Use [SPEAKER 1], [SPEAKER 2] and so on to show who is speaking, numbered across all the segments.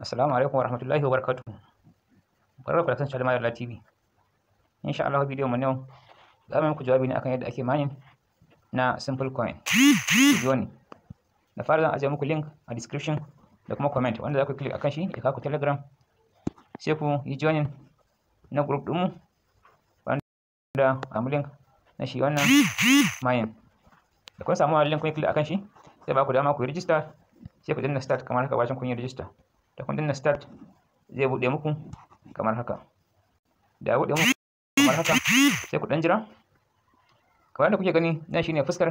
[SPEAKER 1] Assalamu alaikum wa wabarakatuh. Barka da kasancewa da Madalla TV. Insha Allah bidiyon mu yau za mu muku jawabi ne akan yadda ake mining na Simple Coin. Yoni. Da fara zan ajiye muku link a description da kuma comment wanda za ku click akan shi ya kawo Telegram. Sai ku yi joining na group mu. wanda amu link na shi wannan mining. da kun samu link kun click akan shi sai ba ku dama ku register sai ku dinna start kamar haka bacin kun yi register da kun danna start zai buɗe muku kamar haka da ya buɗe muku kamar haka sai ku ɗan jira kamar da kuke gani nan shine fuskar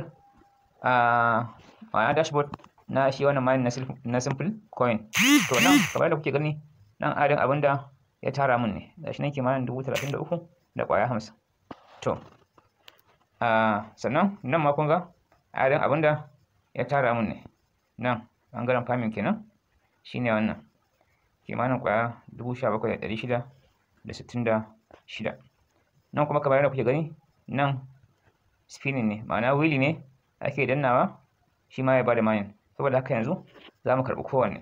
[SPEAKER 1] a ma'ana dashboard na shi wannan mine na simple coin to nan kamar da kuke gani nan adin abin da ya tara min ne da shi nan kimanin dubu talatin da uku da ƙwaya hamsin to sannan nan ma kun ga adin abin da ya tara min ne nan ɓangaren farming kenan shine wannan kimanin kwaya dubu sha bakwai da ɗari shida da sittin da shida nan kuma kamar yadda kuke gani nan spinning ne ma'ana wili ne ake dannawa shi ma ya bada mayan saboda haka yanzu za mu karɓi kowanne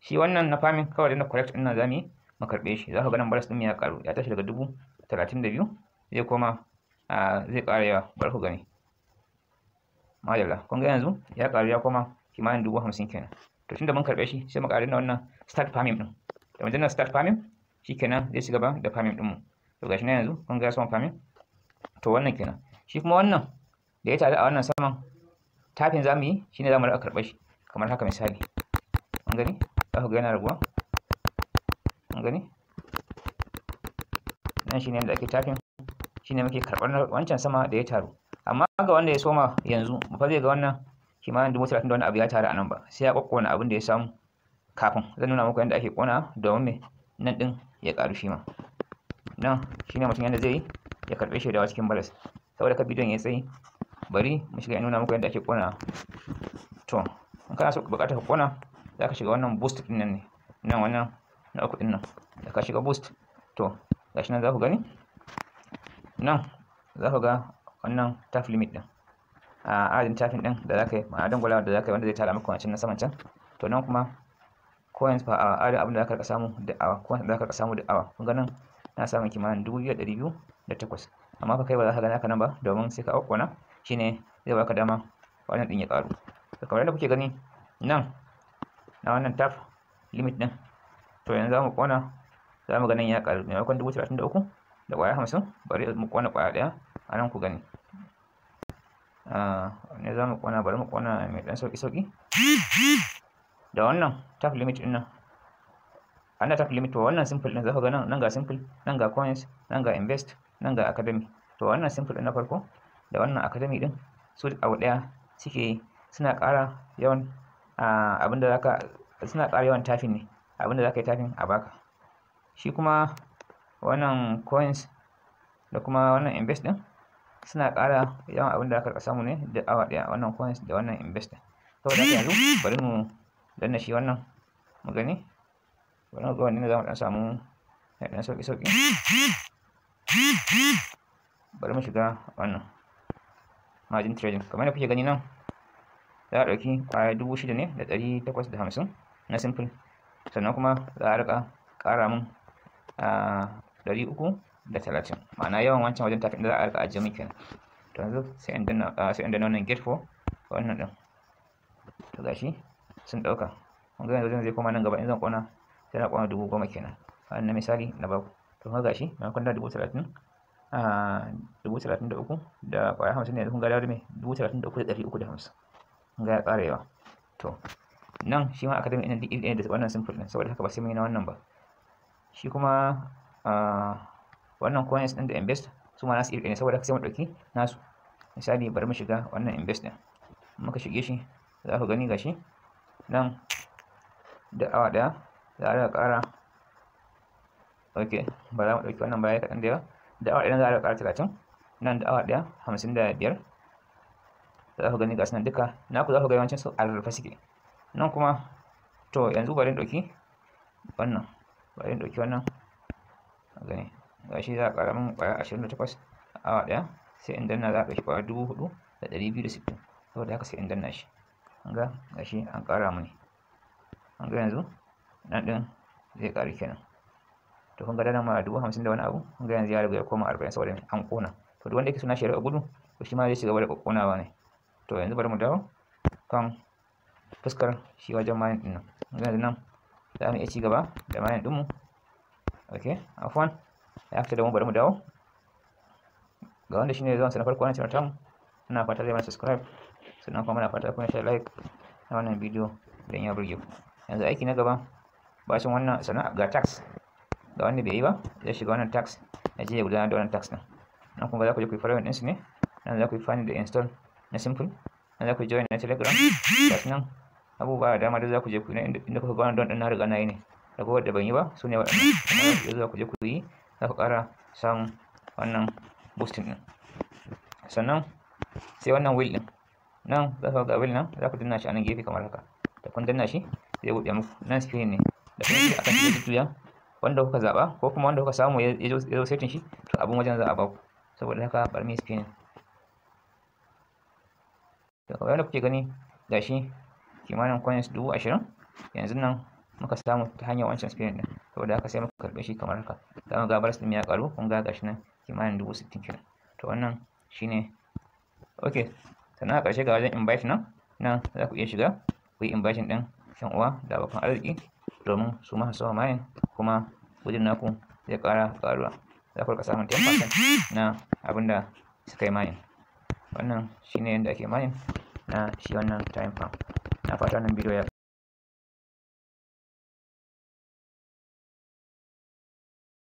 [SPEAKER 1] shi wannan na famin kawai da na correct ɗin nan za mu yi mu karɓe shi za ka ganin baras ɗin ya ƙaru ya tashi daga dubu talatin da biyu zai koma zai ƙara yawa bari ku gani madalla kun ga yanzu ya ƙaru ya koma kimanin dubu hamsin kenan to tunda mun karɓe shi sai mu ƙara na wannan start farming ɗin da na start farming shikenan zai ci gaba da farming din mu to gashi na yanzu kun ga son farming to wannan kenan shi kuma wannan da ya tare a wannan saman tafin zamu yi shine zamu rika karɓar shi kamar haka misali kun gani za ku ga yana raguwa kun gani nan shine da ake tafin shine muke karɓar wancan sama da ya taru amma ga wanda ya soma yanzu ba fa zai ga wannan kimanin dubu talatin da wani abu ya tare a nan ba sai ya wani abin da ya samu kafin zan nuna muku yadda ake ƙona domin me nan ɗin ya ƙaru shi ma nan shi ne mutum yadda zai yi ya karɓe shi dawa cikin balas saboda ka bidiyon ya tsayi bari mu shiga ya nuna muku yadda ake ƙona to in kana so buƙatar ka ƙona za ka shiga wannan boost ɗin nan ne nan wannan na uku ɗin nan da ka shiga boost to gashi nan za ku gani nan za ku ga wannan tap limit ɗin a ah, adin tafin ɗin da za ka yi ma'adin gwalawa da za ka yi wanda zai tara maka wancan na saman can to nan kuma coins per hour adadin abin da aka samu da awa coins da aka samu da awa kun ga nan na samu kimanin dubu biyu da ɗari biyu da takwas amma fa kai ba za ka gani haka nan ba domin sai ka na shine zai baka dama wannan ɗin ya ƙaru to kamar yadda kuke gani nan na wannan tap limit ɗin to yanzu za mu ƙona za mu ganin ya karu ne dubu talatin da uku da ƙwaya bari mu ƙona ƙwaya ɗaya a nan ku gani ne za mu ƙona bari mu ƙona mai dan sauƙi-sauƙi da wannan tap limit ɗin nan ana tap limit to wannan simple ɗin zaka ga nan nan ga simple nan ga coins nan ga invest nan ga academy to wannan simple ɗin na farko da wannan academy ɗin su abu ɗaya suke suna ƙara yawan abin da zaka suna ƙara yawan tafin ne abin da zaka yi tafin a baka shi kuma wannan coins da kuma wannan invest ɗin suna ƙara yawan abin da aka samu ne da awa ɗaya wannan coins da wannan invest ɗin saboda haka yanzu bari mu danna shi wannan mu gani bari ga wannan ne za mu ɗan samu ya ɗan sauki sauƙi bari mu shiga wannan margin trading kamar yadda kuke gani nan za a ɗauki ƙwaya dubu shida ne da ɗari takwas da hamsin na simple sannan kuma za a riƙa ƙara mun ɗari uku da talatin ma'ana yawan wancan wajen tafin da za a riƙa ajiye min kenan to yanzu sai in danna wannan gate for wannan ɗin to gashi sun ɗauka wanda yanzu zai koma nan gaba in zan kona sai na kona dubu goma kenan na misali na baku to ga gashi na kwanta dubu talatin a dubu talatin da uku da ƙwaya hamsin ne kun ga da mai dubu talatin da uku da ɗari uku da hamsin In ga ya ƙara yawa to nan shi ma academy ɗin duk da wannan simple ɗin saboda haka ba sai mun yi na wannan ba shi kuma wannan coins ɗin da invest su ma nasu iri ne saboda haka sai mu ɗauki nasu misali bari mu shiga wannan invest ɗin muka shige shi za ku gani gashi nan da awa ɗaya za a ƙara ok ba za mu ɗauki wannan baya kaɗan da yawa da awa ɗaya za a ƙara talatin nan da awa ɗaya hamsin da biyar za ku gani ga nan duka na ku za ku ga yawancin su a rarrafe suke nan kuma to yanzu bari in ɗauki wannan bari in ɗauki wannan gani ga shi za a ƙara min ƙwaya ashirin da takwas awa ɗaya sai in danna za a ɗauki ƙwaya dubu huɗu da ɗari biyu da sittin saboda haka sai in danna shi ga gashi an ƙara mini an ga yanzu nan ɗin zai ƙaru kenan to kun ga nan ma dubu hamsin da wani abu kun ga yanzu ya riga ya koma arba'in saboda an ƙona to duk wanda yake suna shi a gudu to shi ma zai shiga da ƙonawa ne to yanzu bari mu dawo kan fuskar shi wajen mayan ɗin nan kun ga yanzu nan za mu iya ci gaba da mayan ɗinmu ok afwan ya fita da mu bari mu dawo ga wanda shine zuwansa na farko na channel tamu ina fata zai mana subscribe sannan kuma muna fata kuna sha like na wannan bidiyo idan ya burge ku yanzu aiki na gaba bashin wannan sannan ga tax ga wanda bai yi ba zai shiga wannan tax na je ya gudanar da wannan tax din nan kuma za ku je ku yi following ɗinsu ne nan za ku yi fani da install na simple nan za ku join na telegram ga nan abubuwa da dama da za ku je ku yi inda kuka gwana don ɗin na riga na yi ne ragowar da ban yi ba su ne waɗannan za ku je ku yi za ku ƙara samun wannan boosting ɗin sannan sai wannan wheel ɗin nan za ka ga abin nan za ku danna shi a nan gefe kamar haka da kun danna shi zai buɗe muku nan screen ne da kun yi akan shi tuya wanda kuka zaɓa ko kuma wanda kuka samu ya zo setting shi to abin wajen za a baku saboda haka bar mi screen to kamar yadda kuke gani ga shi kimanin coins dubu ashirin yanzu nan muka samu ta hanyar wancan screen din saboda haka sai muka karɓe shi kamar haka za mu ga su ɗin ya ƙaru kun ga gashi nan kimanin dubu sittin kenan to wannan shine okay sannan a ƙarshe ga wajen invite nan nan za ku iya shiga ku yi inviting ɗin yan uwa da abokan arziki domin su ma su mayin kuma wajen naku zai ƙara ƙaruwa za ku rika samun 10% na abin da suka yi mayin wannan shine yadda ake mayin na shi wannan time farm na fata wannan bidiyo ya